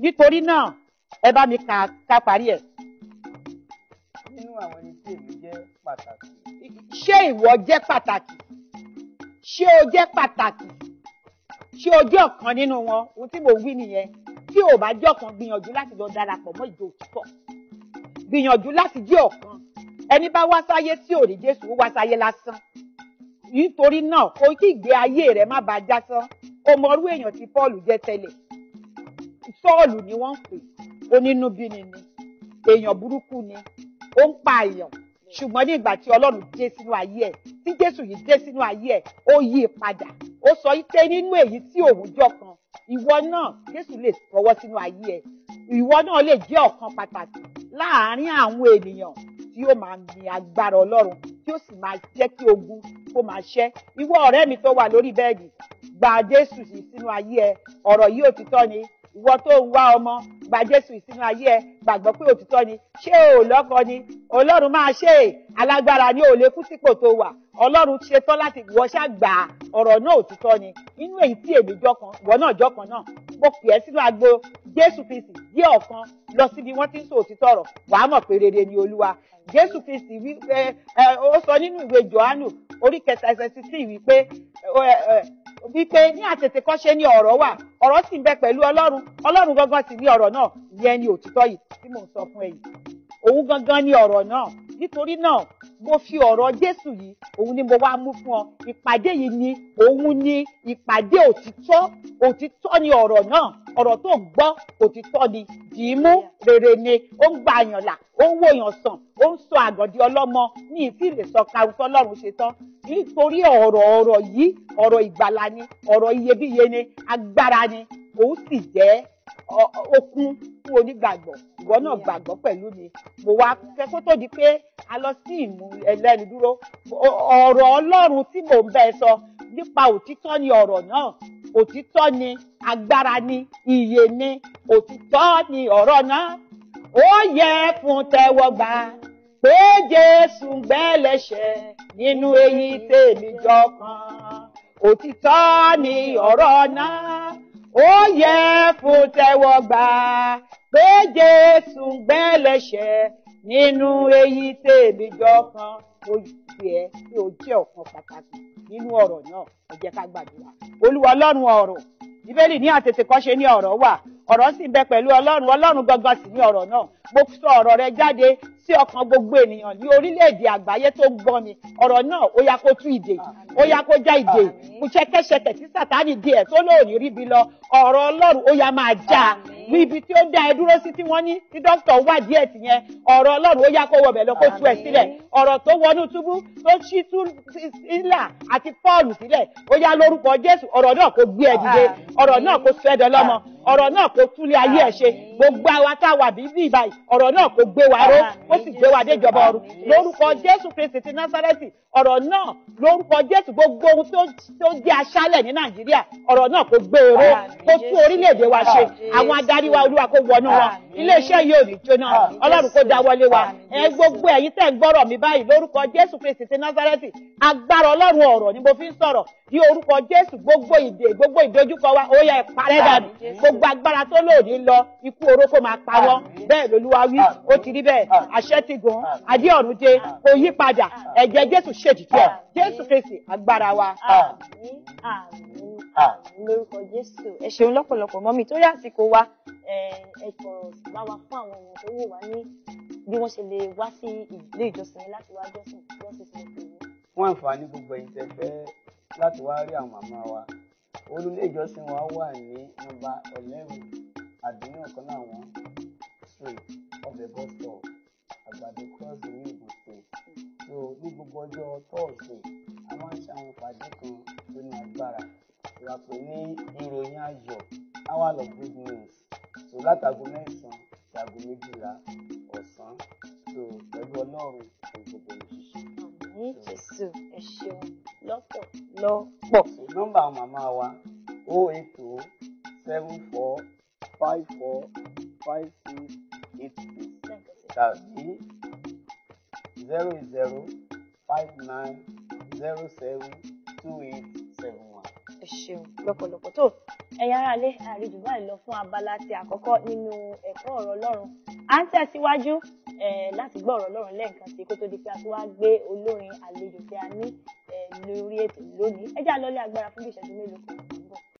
nítorí náà ẹ bá mi ka ka parí ẹ̀. nínú àwọn ẹni tí èmi jẹ́ pàtàkì. ṣé ìwọ jẹ́ pàtàkì ṣé o jẹ́ pàtàkì ṣé o jẹ́ ọ̀kan nínú wọn ohun tí mo wí nìyẹn tí o bá jẹ́ ọ̀kan gbìyànjú láti lọ darapọ̀ mọ́ ìjọ òtítọ́ gbìyànjú láti jẹ́ ọ̀kan ẹni bá wá sáyé tí ò rí Jésù wá sáyé lásán nítorí náà kò kí ìgbé ayé rẹ má bàa jásán kò mọrú èèyàn tí Paul jẹ́ tẹ́lẹ̀ Sọ́ọ̀lù ni wọ́n ń pè onínúbíni ni èèyàn burúkú ni ó ń pa èèyàn ṣùgbọ́n ní ìgbà tí Ọlọ́run dé sínú ayé ẹ̀ tí Jésù yìí dé sínú ayé ẹ̀ ó yí i padà ó sọ pé nínú èyí tí òun jọ kan ìwọ náà Jésù lè fọwọ́ sínú ayé ẹ̀ ìwọ náà lè jẹ́ ọ̀kan pàtàkì láàárín àwọn ènìyàn tí ó máa ní agbára Ọlọ́run tí ó sì máa jẹ́ kí ogun kó máa ṣẹ́ ìwọ ọ̀rẹ́ mi tó wà lórí bẹ́ẹ̀dì gba Jésù yìí sínú ayé ẹ ọ̀rọ̀ yìí òtítọ́ ni ìwọ tó ń wá ọmọ gba Jésù ìsinú ayé ẹ gbàgbọ́ pé òtítọ́ ni ṣé o lọ́kọ ni Ọlọ́run máa ṣe é alágbára ni ò lè kú sípò tó wà Ọlọ́run ṣe tán láti wọ́ ṣàgbà ọ̀rọ̀ náà òtítọ́ ni nínú èyí tí èmi jọkan ìwọ náà jọkan náà mo pè ẹ́ sínú agbo Jésù Kristi yé ọ̀kan lọ síbi wọ́n ti ń sọ òtítọ́ ọ̀rọ̀ wàá mọ̀ pé rere ni Olúwa Jésù Kristi wí pé ó sọ nínú ìwé Jòhánù orí kẹta ẹsẹ̀ sixteen wí pé wí pé ní àtètèkọ́ṣe ni ọ̀rọ̀ wà ọ̀rọ̀ sì ń bẹ pẹ̀lú ọlọ́run ọlọ́run gangan sì ni ọ̀rọ̀ náà ìyẹn ni òtítọ́ yìí tí mò ń sọ fún ẹ òun gangan ni ọ̀rọ̀ náà nítorí náà mo fi ọ̀rọ̀ Jésù yìí òun ni mo wá mú fún ọ ìpàdé yìí ni òun ni ìpàdé òtítọ́ òtítọ́ ni ọ̀rọ̀ náà ọ̀rọ̀ tó gbọ́ òtítọ́ ni dìímú rere ni ó ń gba àyàn là ó ń wòyàn sàn ó ń sọ àgọ̀dì ọlọ́mọ ní ìfìrè sọka ọlọ́run ṣe tán nítorí ọ̀rọ̀ ọ̀rọ̀ yìí ọ̀rọ̀ ìgbàlà ni ọ̀rọ̀ iyebíye ni agbára ni òun sì jẹ́ ó kún fún onígbàgbọ́ ìwọ náà gbàgbọ́ pẹ̀lú mi mo wá fẹ́ kó tó di pé a lọ sí ìmú ẹlẹ́nu dúró ọ̀rọ̀ ọlọ́run tí mò ń bẹ sọ nípa òtítọ́ ni ọ̀rọ̀ náà òtítọ́ ni agbára ni iye ni òtítọ́ ni ọ̀rọ̀ náà ó yẹ fún tẹ́wọ́gbà pé Jésù gbẹ́lẹ́ṣẹ̀ nínú èyí tèmi jọ kan òtítọ́ ni ọ̀rọ̀ náà ó yẹ kó tẹ́wọ́ gbà pé Jésù gbẹ́lẹ́ṣẹ̀ nínú èyí tèmi jọ kan ó yẹ kí o jẹ́ ọ̀kan pàtàkì nínú ọ̀rọ̀ náà ẹ jẹ́ ká gbàdúrà olúwa ọlọ́run ọ̀rọ̀ bíbélì ní àtètèkọ́ṣe ní ọ̀rọ̀ wà ọ̀rọ̀ sì bẹ pẹ̀lú ọlọ́run ọlọ́run gangan sì ní ọ̀rọ̀ náà mo sọ ọ̀rọ̀ rẹ jáde sí ọkàn gbogbo ènìyàn ní orílẹ̀-èdè àgbáyé tó ń gbọ́ mi ọ̀rọ̀ náà ó yá kó tú ìdè ó yá kó já ìdè kùṣẹ́kẹ́ṣẹkẹ̀ sí sàtánì díẹ̀ tó lóòrì ríbi lọ ọ̀rọ̀ ọlọ́run ó yá máa já ibi tí ó dá ẹ dúró sí tí wọ́n ní tí dókítà wádìí ẹ̀ tìyẹn ọ̀rọ̀ ọlọ́run ó yá kó wọbẹ̀ lọ kó tú ẹ̀ sílẹ̀ ọ̀rọ̀ tó wọnú túbú tó ṣí tú sílà àti pọ́ọ̀lù sílẹ̀ ó yá lórúkọ jésù ọ̀rọ̀ náà kó gbé ẹ dìde ọ̀rọ̀ náà kó sọ ẹ dọlọ́mọ ọ̀rọ̀ náà kó túlé ayé ẹ̀ ṣe gbogbo àwa tá a wà bíbí ìbáyìí ọ̀rọ̀ náà kó gbé wa ró ó sì gbé wa déjọba ọ̀run lórúkọ jésù kristi ti násárẹ́tì ọ̀rọ̀ náà lórúkọ jésù gbogbo ohun tó jẹ́ aṣálẹ̀ ní nàìjíríà ọ̀rọ̀ náà kó gbé e ró kó tún orílẹ̀-èdè wa ṣe àwọn ad darí wa olúwa kó wọnú wa iléeṣẹ́ yóò ní jóná ọlọ́run kó dáwọ́lé wa ẹ gbogbo ẹ̀yin tẹ́ ń gbọ́rọ̀ mi báyìí lórúkọ jésù kristi ti nazareti agbára ọlọ́run ọ̀rọ̀ ni mo fi ń sọ̀rọ̀ ní orúkọ jésù gbogbo ìdè gbogbo ìdojúkọ wa ó yá parẹ́ dànù gbogbo agbára tó lòdì lọ ikú orókó máa pa wọ́n bẹ́ẹ̀ lolúwa wí ó ti rí bẹ́ẹ̀ àṣẹ ti gùn adé ọ̀run dé kò yí padà ẹ̀jẹ̀ jésù ṣèjìjì ẹ̀ jésù kristi agbára wa. lórúkọ jésù ẹ ṣeun lọ́pọ̀lọpọ̀ mọ́mì tó yá àsìkò wa ẹ sọ̀rọ̀ bá wa fún àwọn èèyàn tó wò wá ní bí wọ́n ṣe lè wá sí ilé ìjọsìn yẹn láti wá jọ́sìn jọ́sìn sí ọ̀sẹ̀ yìí. fún àǹfààní gbogbo ẹ̀yin tẹ́ láti wá rí àwọn màmá wa olùlé ìjọsìn wa wà ní nọ́mbà eleven àdúyàn kan láwọn street ọbẹ̀ bus stop àgbàdo cross ní ìbò state so ní gbogbo ọjọ́ tọ́ọ̀sì a máa ń ṣe àwọn ìpàdé kan tó ní agbára ìràpọ̀ ní ìròyìn ayọ̀ hour of good news so látago mẹ́sàn-án ṣaago méjìlá ọ̀sán so pẹ̀lú ọlọ́run ìgbòho òṣìṣẹ́. ní jésù ẹ ṣeun lọ́pọ̀ lọ́pọ̀. nọ́mbà màmá wa o oh eight two seven four five four five six eight six tàbí zero zero five nine zero seven two eight seven one ẹ ṣeun lọ́pọ̀lọpọ̀ tó ẹ̀yin aráalé àríjù báyìí lọ fún abala ti àkọ́kọ́ nínú ẹ̀kọ́ ọ̀rọ̀ Ọlọ́run à ń tẹ̀síwájú láti gbọ́ ọ̀rọ̀ Ọlọ́run lẹ́ẹ̀kan sí kó tó di pé a ti wá gbé olórin àlejò tí a ní lórí ètò lónìí ẹ já agbára fún ìṣẹ́jú mélòó kan.